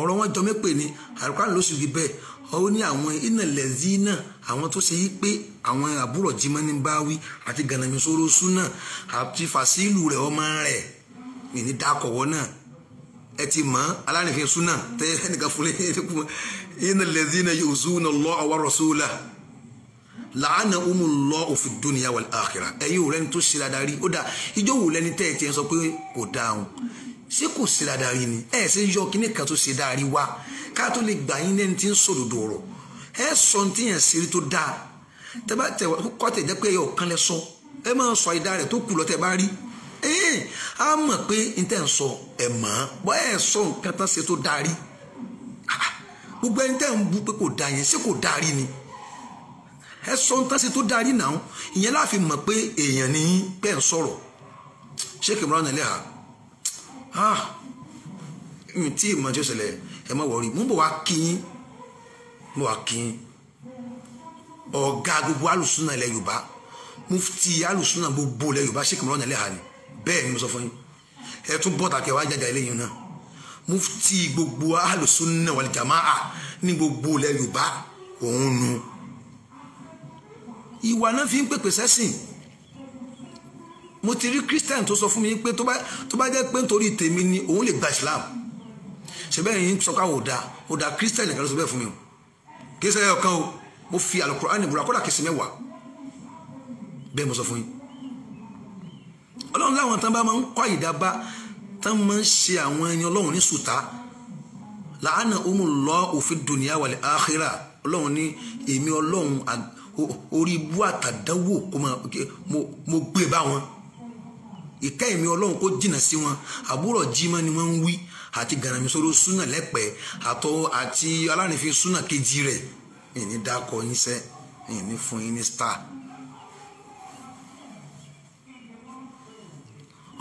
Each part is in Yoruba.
ọ̀rọ̀ wọn jọ mẹ́pè ni àrùkán ló sì rí bẹ́ẹ̀ ó ní àwọn ìnàlẹ̀ zí náà àwọn tó ṣe yí pé àwọn àbúrò jimá ní báwí àti gànàmí sorosu náà àti fàṣílù rẹ̀ ọmọ rẹ̀ nìní dákọ̀wọ́ náà ẹ ti mọ̀ alárìnfẹ́ súnà tẹ ẹnìkan fún lẹ́yìn ìnàlẹ̀ zí náà yóò zúnà lọ́ àwa rasula làánà umullahu fi dunya wal akhirah ẹ̀yin ò rẹ́ni tó ṣe dáadáa rí ó dà ìjọ wò lẹ́ni tẹ́ ẹ ti sọ pé kò dáa ṣé kò sí dáadáa ni ẹ ṣe ń yọ kíní kan tó ṣe dáa rí wa ká tó lè gbà yín lẹ́ni tí ń sòdòdò ọ̀rọ̀ ẹ sọ ní tí yẹn ṣe rí tó dáa tẹ bá tẹ kọ́ tẹ jẹ́ pé ẹ ọ̀kan lẹ sọ ẹ máa sọ ìdá rẹ̀ tó kù lọ tẹ bá rí ẹ̀ẹ́n á mọ̀ pé n tẹ́ ń sọ ẹ̀ mọ̀ bọ́ ẹ̀ sọ nǹkan tán ṣe tó dáa rí gbogbo ẹni tẹ́ ń bu pé kò dáa yẹn ṣé kò dáa rí ni ẹ sọ ń tánṣe tó darí náà ìyẹn láàfin mọ̀ pé èèyàn ní pẹ́ ń sọ̀rọ̀ ṣé kìmọ̀rán nílẹ̀ ha Ah, tí èèmọ̀ tí ó ṣẹlẹ̀ ẹ má wọrí mú bọ̀ wá kíyín mú wá kíyín ọ̀gá gbogbo alùsùnà ilẹ̀ Yorùbá mufti alùsùnà gbogbo ilẹ̀ Yorùbá ṣé kìmọ̀rọ̀ nílẹ̀ hàní bẹ́ẹ̀ ni mo sọ fún yín ẹ tún bọ́ta kẹ wá jájà eléyìí náà mufti gbogbo alùsùnà wal jamaa ní gbogbo ilẹ̀ Yorùbá òun nu ìwà náà fi ń pèpè sẹ́sìn mo ti rí christian tó sọ fún mi pé tó bá jẹ́ pé nítorí tèmi ni òun lè gba islam ṣe bẹ́ẹ̀ yín sọ káwọ́ da ó da christian nìkan ló sọ bẹ́ẹ̀ fún mi o kì í ṣe ẹyọ kan o mo fi àlùkùránì búra kódà kìí ṣe mẹ́wàá bẹ́ẹ̀ mo sọ fún yín ọlọ́run láwọn tán bá máa ń kọ́ ìdábá tán máa ń ṣe àwọn ẹni ọlọ́run ní sùtá làánà òun lọ òfin dùnìyà wàlẹ̀ àkírà ọlọ́run ní èmi ọlọ́run orí ibú àtàdánwò mo gbé bá wọn ìka ẹ̀mí ọlọ́run kó jìnnà sí wọn àbúrò jimá ni wọ́n ń wí àti gànàmísọ́rọ́ súnà lẹ́pẹ̀ẹ́ àtọ́ àti alárìnfín súnà kejì rẹ̀ ìní dákọ̀ yín sẹ́ ìní fún yín ní star.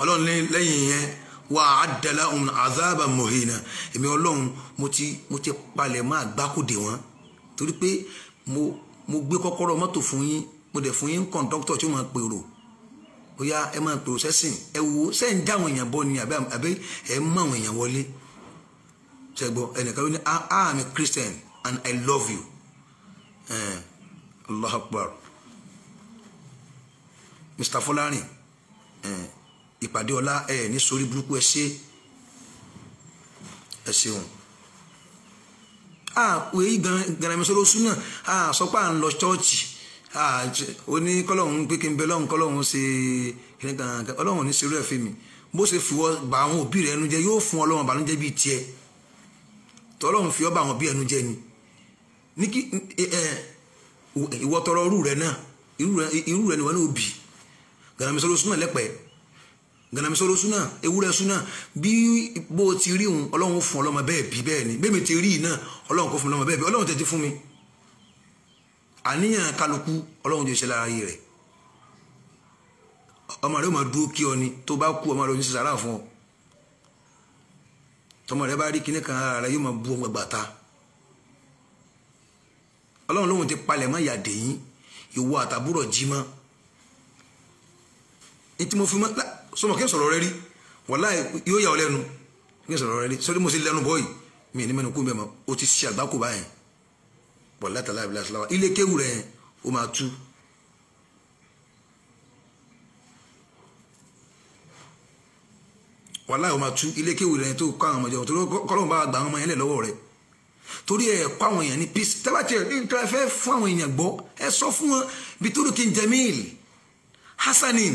ọlọ́run lẹ́yìn yẹn wà á dala òun azaba mohina èmi ọlọ́run mo ti mo ti palẹ̀ mọ́ àgbákòdè wọn torí pé mo mo gbé kọ́kọ́rọ́ mọ́tò fún yín mo dẹ̀ fún yín kọ́ńdọ́kítọ̀ tí ó máa pèrò ó ẹ máa pè ó sẹ́sìn ẹ wo sẹ́ ń já àwọn èèyàn bọ́ ni àbí ẹ mú àwọn èèyàn wọlé ṣẹ́gbọ́ ẹnìkan ló ní I ah, am ah, a Christian and I love you eh, Allah akbar Mr. Folarin eh, ìpàdé ọlá ẹ ní sórí burúkú ẹ ṣe ẹ ṣeun a ah, wèé gan-an gan-an mi sọ́dọ̀ sún náà a sọ pé à ń lọ ṣọ́ọ̀ṣì ó ní kọ́lọ́hún pé kí n bẹ lọ́hún kọ́lọ́hún ṣe kíni kan ọlọ́hún ní serú ẹ̀ fún mi bó ṣe fi wọ́n bà àwọn òbí rẹ̀ ẹnu jẹ́ yóò fún ọlọ́hún bànújẹ́ bíi tiẹ̀ tọ́lọ́hún fi ọ́ bà àwọn òbí ẹnu jẹ́ ni ní kí ìwọ tọrọ irú rẹ náà irú rẹ ni wọn náà bì gànàmísọ́rọ́ súnà lẹ́pẹ̀ẹ́ gànàmísọ́rọ́ súnà ewúrẹ́ súnà bí bó ti rí òun ọlọ́hún fún ọlọ́mọ bẹ́ẹ̀ bí bẹ́ẹ̀ ni bẹ́ẹ̀ mi ti rí iná àníyàn kálukú ọlọ́run jẹ́ iṣẹ́ lára ayé rẹ̀ ọmọ rẹ̀ máa dúró kí ọ ni tó bá kú ọmọ rẹ̀ oníṣẹ́ sàrà fún ọ tọmọ rẹ̀ bá rí kinní kan ara rẹ̀ yóò máa bu ọmọ gbàtà ọlọ́run lóhun ti palẹ̀ mọ́ ìyàdè yín ìwọ àtàbúrò jí mọ́ ní mo fi mọ́ sọmọ kí n sọ̀rọ̀ rẹ rí wàláhì yóò yà ọ lẹ́nu kí n sọ̀rọ̀ rẹ rí sọ́dí mo sì lẹ́nu bọ́ọ̀yì mi ní mẹ́nu kú mẹ́mọ́ o ti ṣe àgbákò báyìí pọ̀ látàlá ìbílẹ̀ àṣàláwà ilé kéwù rẹ̀ ó máa tú. wàhálà ó máa tú ilé kéwù rẹ̀ tó kọ́ àwọn ọmọ ìjọba torí kọ́lọ́mù bá gba àwọn ọmọ yẹn lẹ̀ lọ́wọ́ rẹ̀ torí ẹ̀ kọ́ àwọn èèyàn ní peace tẹ́bàtì ẹ̀ nígbà fẹ́ fún àwọn èèyàn gbọ́ ẹ sọ fún wọn bitulukin Jamil Hasanin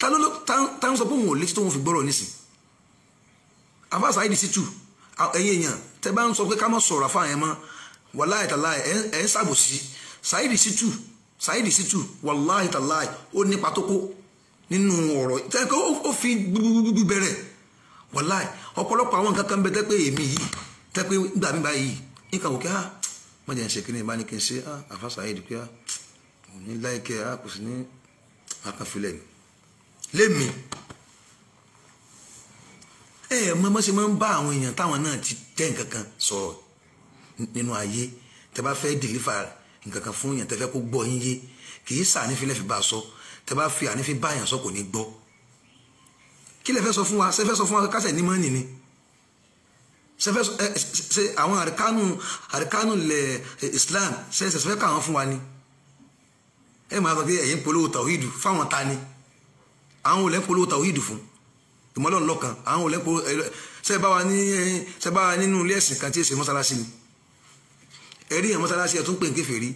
ta ló ta ń sọ pé òun ò létí tó wọn fi gbọ́rọ̀ nísìn àfáàsì àìdí sí ẹ̀yin èèyàn tẹ́ bá ń sọ pé ká má sọ̀rọ̀ àfáà yẹn wàláì tàláì ẹ̀ ń ṣàbòsí Saheed Shittu Saheed Shittu wàláì tàláì ó nípa tó kó nínú ọ̀rọ̀ tẹ́kọ̀ ó fi gbúgbúgbú bẹ̀rẹ̀ wàláì ọ̀pọ̀lọpọ̀ àwọn nǹkan kan bẹ tẹ́pẹ́ èmi yìí tẹ́pẹ́ gbà mí báyìí nǹkan òkè á má jẹ́ ń ṣe kíni ìbáni kí n ṣe á ah, àfa Saheed pé ah òun ní láìkẹ́ á ah, kò sí ní akànfilẹ̀ mi lémi ẹ ẹ mọ́ mọ́ ṣe máa ń bá àwọn èèyàn táwọn náà ti tẹ́ nǹkan kan sọ̀rọ̀ nínú ayé tẹ bá fẹ́ dìlífà nǹkan kan fún yàn tẹ fẹ́ kó gbọ́ yín yé kì í sànífín lẹ́fì bá a sọ tẹ bá fi ànífín bá yàn sọ kò ní gbọ́ kí lẹ fẹ́ sọ fún wa ṣe fẹ́ sọ fún wa kásẹ̀ ní mọ́nì ni ṣe fẹ́ ṣe àwọn àríkánù àríkánù lẹ̀ Islam ṣe ṣe fẹ́ káwọn fún wa ni ẹ máa sọ pé ẹ̀yin polówó tàwíìdù fáwọn ta ni àwọn olè polówó tàwíìdù fún ìmọ̀lọ́nlọ́kan àwọn olè polówó ṣe bá wa nínú ilé ẹ̀sìn kan tí èsì mọ́sálásí ni ẹ̀rí yẹn mọ́sálásí ẹ̀ tún pè ń kèfèrí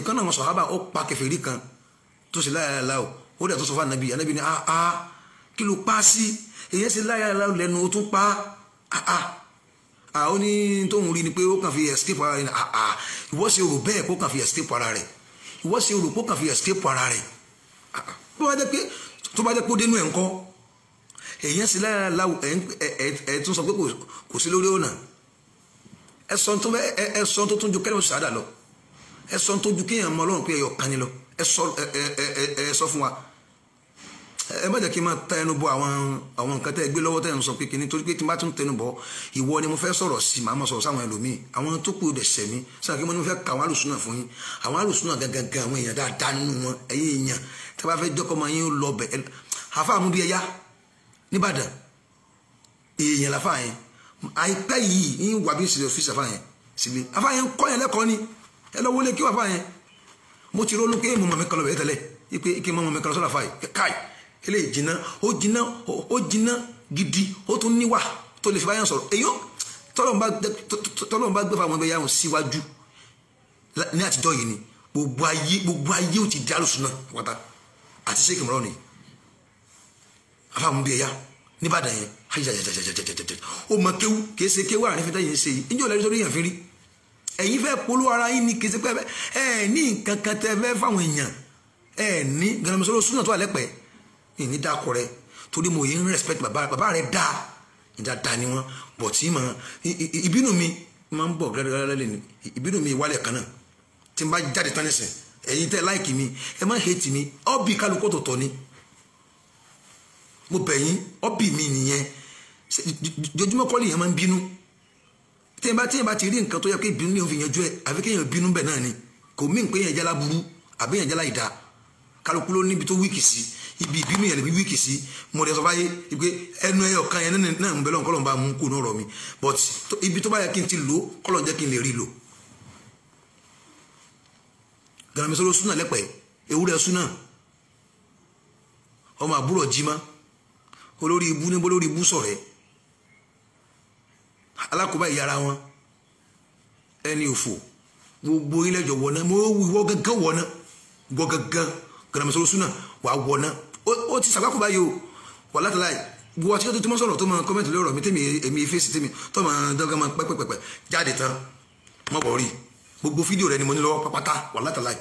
ìkànnà wọn sọ̀hábà ó pa kèfèrí kan tó ṣe láyà láwò ó dẹ̀ tó sọ fún anabi anabi ni ah ah kí ló pa sí èyẹ ṣe láyà láwò lẹ́nu ó tún pa ah ah ah ó ní tóun rí ni pé ó kàn fi escape ara rẹ̀ ah ah ìwọ ṣe rò bẹ́ẹ̀ kó kàn fi escape ara rẹ̀ ìwọ ṣe rò kó kàn fi escape ara rẹ̀ ah ah tó bá jẹ́ pé tó bá jẹ́ pé ó dénú ẹ̀ ń kọ́ èyẹ ṣe láyà láwò ẹ̀ tún sọ pé kò sí lórí ọ̀nà ẹsọ tó ẹsọ tó tún ju kẹrìmù sàádà lọ ẹsọ tó ju kéèyàn mọ Ọlọ́run pé ẹyọ kan ni lọ ẹsọ ẹsọ fún wa ẹ má jẹ́ kí n máa ta ẹnu bọ àwọn àwọn nǹkan tẹ́ ẹ gbé lọ́wọ́ tẹ́ ẹ ń sọ pé kìíní torí pé tí n bá tún tẹnu bọ ìwọ ni mo fẹ́ sọ̀rọ̀ sí màá máa sọ̀rọ̀ sáwọn ẹlòmíì àwọn tó kù dẹ̀ sẹ̀mí sáà kí mo ní mo fẹ́ ka àwọn alùsùnà fún yín àwọn alùsùnà gangan àwọn èèyàn dáadáa nínú wọn ẹ̀yin èèyàn tí a bá fẹ́ jọ́kọ́ máa yín lọ bẹ̀ àfa àmúdíyẹyá nìbàdàn èèyàn làfa yẹn àìpẹ́ yìí ń wà bí ìṣẹ̀lẹ̀ ọ́fíìsì àfa yẹn síbi àfa yẹn ń kọ́ yẹn lẹ́kọ̀ọ́ ni ẹ lọ wọlé kí wà àfa yẹn mo ti ronú pé mo mọ̀ mi kan lọ bẹ̀rẹ̀ tẹ́lẹ̀ ipe ike mo mọ̀ mi kan lọ sọ́dọ̀ àfa yìí káì eléyìí jìnnà ó jìnnà ó jìnnà gidi ó tún níwà tó lè fi báyọ̀ sọ̀rọ̀ èyí tọ́lọ́run bá gbé fáwọn ẹgbẹ́ yàrá síwájú ní àtijọ́ yìí ni gbogbo ayé gbogbo ayé ò ti di alùsùn náà pátá àti sèkìmọ́rọ́ ni àfa mú bí ẹ nìbàdàn yẹn hajjajajajajajajaj ó mọ kéwú kìí ṣe kéwú àrífín tẹ́yìn ń ṣe yìí níjọ́ lẹ́rí sórí èèyàn fi rí ẹ̀yin fẹ́ polówó ara yín ni kìí ṣe pé ẹ ní nǹkan kan tẹ́ fẹ́ fáwọn èèyàn ẹ ní gànàmísọ́rọ́ súnà tó àlẹ́pẹ́ ìní dákọ̀ rẹ torí mo yìí ń respect bàbá bàbá rẹ dáa ìdá da ni wọn bọ̀ tí mà ìbínú mi máa ń bọ̀ gẹ́gẹ́ lẹ́nu ìbínú mi mo bẹ̀ ọ́bì mi nìyẹn jojúmọ́ kọ́lì yẹn máa ń bínú téèyàn bá téèyàn bá ti rí nǹkan tó yẹ kó ìbínú lèèyàn fi yanjú ẹ̀ àfi kéèyàn bínú bẹ̀ náà ni kò mí nǹkan yẹn jálá burú àbí yẹn jálá ìdá kálukú ló níbi tó wíìkì sí ibi ìbínú yẹn lèmi wíìkì sí mo rẹ sọ fáyé pé ẹnu ẹyọ kan yẹn náà ń bẹ lọ́n kọ́lọ́n bá mú kó náà rọ̀ mi but ibi tó bá yẹ kí n ti lò kọ́lọ́n jẹ́ kí n lè rí lò. gànàmísọ́lọ́ súnà lẹ́pẹ̀ẹ́ ewúrẹ́ súnà ọmọ àbúrò jí olórí ibú níbo lórí ibú sọ̀rẹ́ alákòóbá ìyára wọn ẹni òfò gbogbo ilẹ̀ jọ wọ̀ná mo wíwọ́ gángan wọ̀ná wọ́ gángan gànàmọ́sọ̀rọ̀ súnà wà wọ̀ná ó ti sàgbákò báyìí o wà látàlá gbogbo àti ọdún tó mọ́ sọ̀rọ̀ tó máa kọ́mẹ́ntì lórí ọ̀rọ̀ mi tèmi èmi fèsì tèmi tó máa dọ́gán máa pẹ́pẹ́pẹ́ jáde tán mọ́ bọ̀ rí gbogbo fídíò rẹ ni mo ní lọ́wọ́ pátá wà látàlá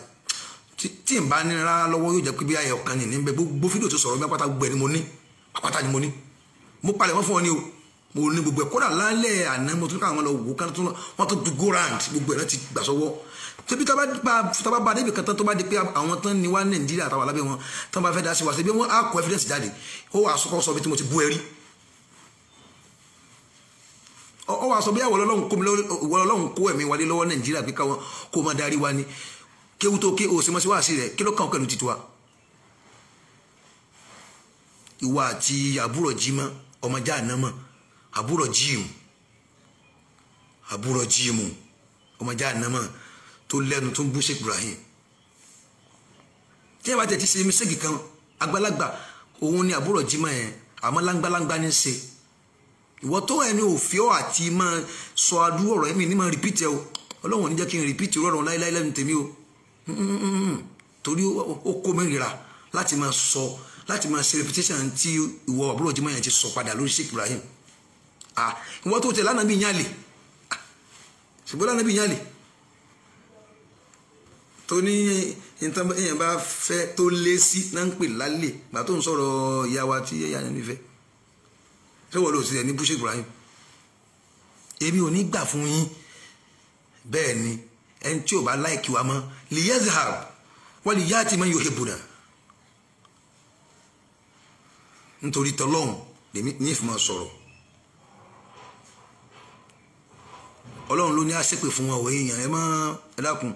tí n bá ní rárá lọ́wọ́ yóò jẹ́ pé bí ayọ̀ kan nì pàpàtà ni mo ní mo palẹ̀ wọ́n fún ọ ní o mo ní gbogbo ẹ̀ kódà lálẹ́ àná mo tún káwọn lọ wò kán tún wọ́n tún go round gbogbo ẹ̀ náà ti gbà sọ́wọ́ tẹbi taba ba débi kan tán tó bá di pé àwọn tán ni wá nàìjíríà àtàwọn alábẹ́ wọn tán bá fẹ́ dá sí wa ṣe bí wọ́n á kọ evidence jáde ó wà sọ́kọ́ sọ bí tí mo ti bú ẹ rí ọ wà sọ bí àwọn ọlọ́run kó ẹ̀mí wálé lọ́wọ́ nàìjíríà pé káwọn kó máa darí wa ni kéwu tó ké òsèmọ́sí wá sí rẹ̀ kí ló kàn ọ́ pẹ̀lú titiwa ìwà àti àbúrò jimá ọmọ jáànámà àbúrò jíìmù àbúrò jíìmù ọmọ jáànámà tó lẹ́nu tó ń bú Sheikh Ibrahim tí ẹ bá tẹ̀ ti ṣe mísíkì kan àgbàlagbà òun ni àbúrò jimá yẹn àmọ́ láńgbáláńgbá ní í ṣe ìwọ tó ẹni òfin ọ àti máa sọ adúrú ọ̀rọ̀ ẹ̀mí ní máa repeat ẹ o ọlọ́run ò ní jẹ́ kí n repeat ọ̀rọ̀ láéláé lẹ́nu tèmi o hmm, hmm, hmm, torí ó kó mi rira láti máa sọ. So láti máa ṣe reputation tí ìwọ àbúrò Jímọ̀ yẹn ti sọ padà lórí Sheikh Ibrahim ah ìwọ tó tẹ lánàá bí yàn lè ṣùgbọ́n lánàá bí yàn lè tó ní èèyàn bá fẹ́ tó lé sí náà ń pè lálẹ́ gbà tó ń sọ̀rọ̀ ìyá wa tí ẹ̀yà ni fẹ́ ṣé wọ́n lò sí ẹ̀ ní Sheikh Ibrahim èmi ò ní gbà fún yín bẹ́ẹ̀ ni ẹni tí ò bá láìkí wa mọ́ lè yẹ́ zahab wọ́n lè yá àtìmọ́ yóò hebùnà. nítorí tọlọ́hún lèmi ní ìfìmọ̀ sọ̀rọ̀ ọlọ́run ló ní àṣepè fún wa òwe èèyàn ẹ má ẹ dákun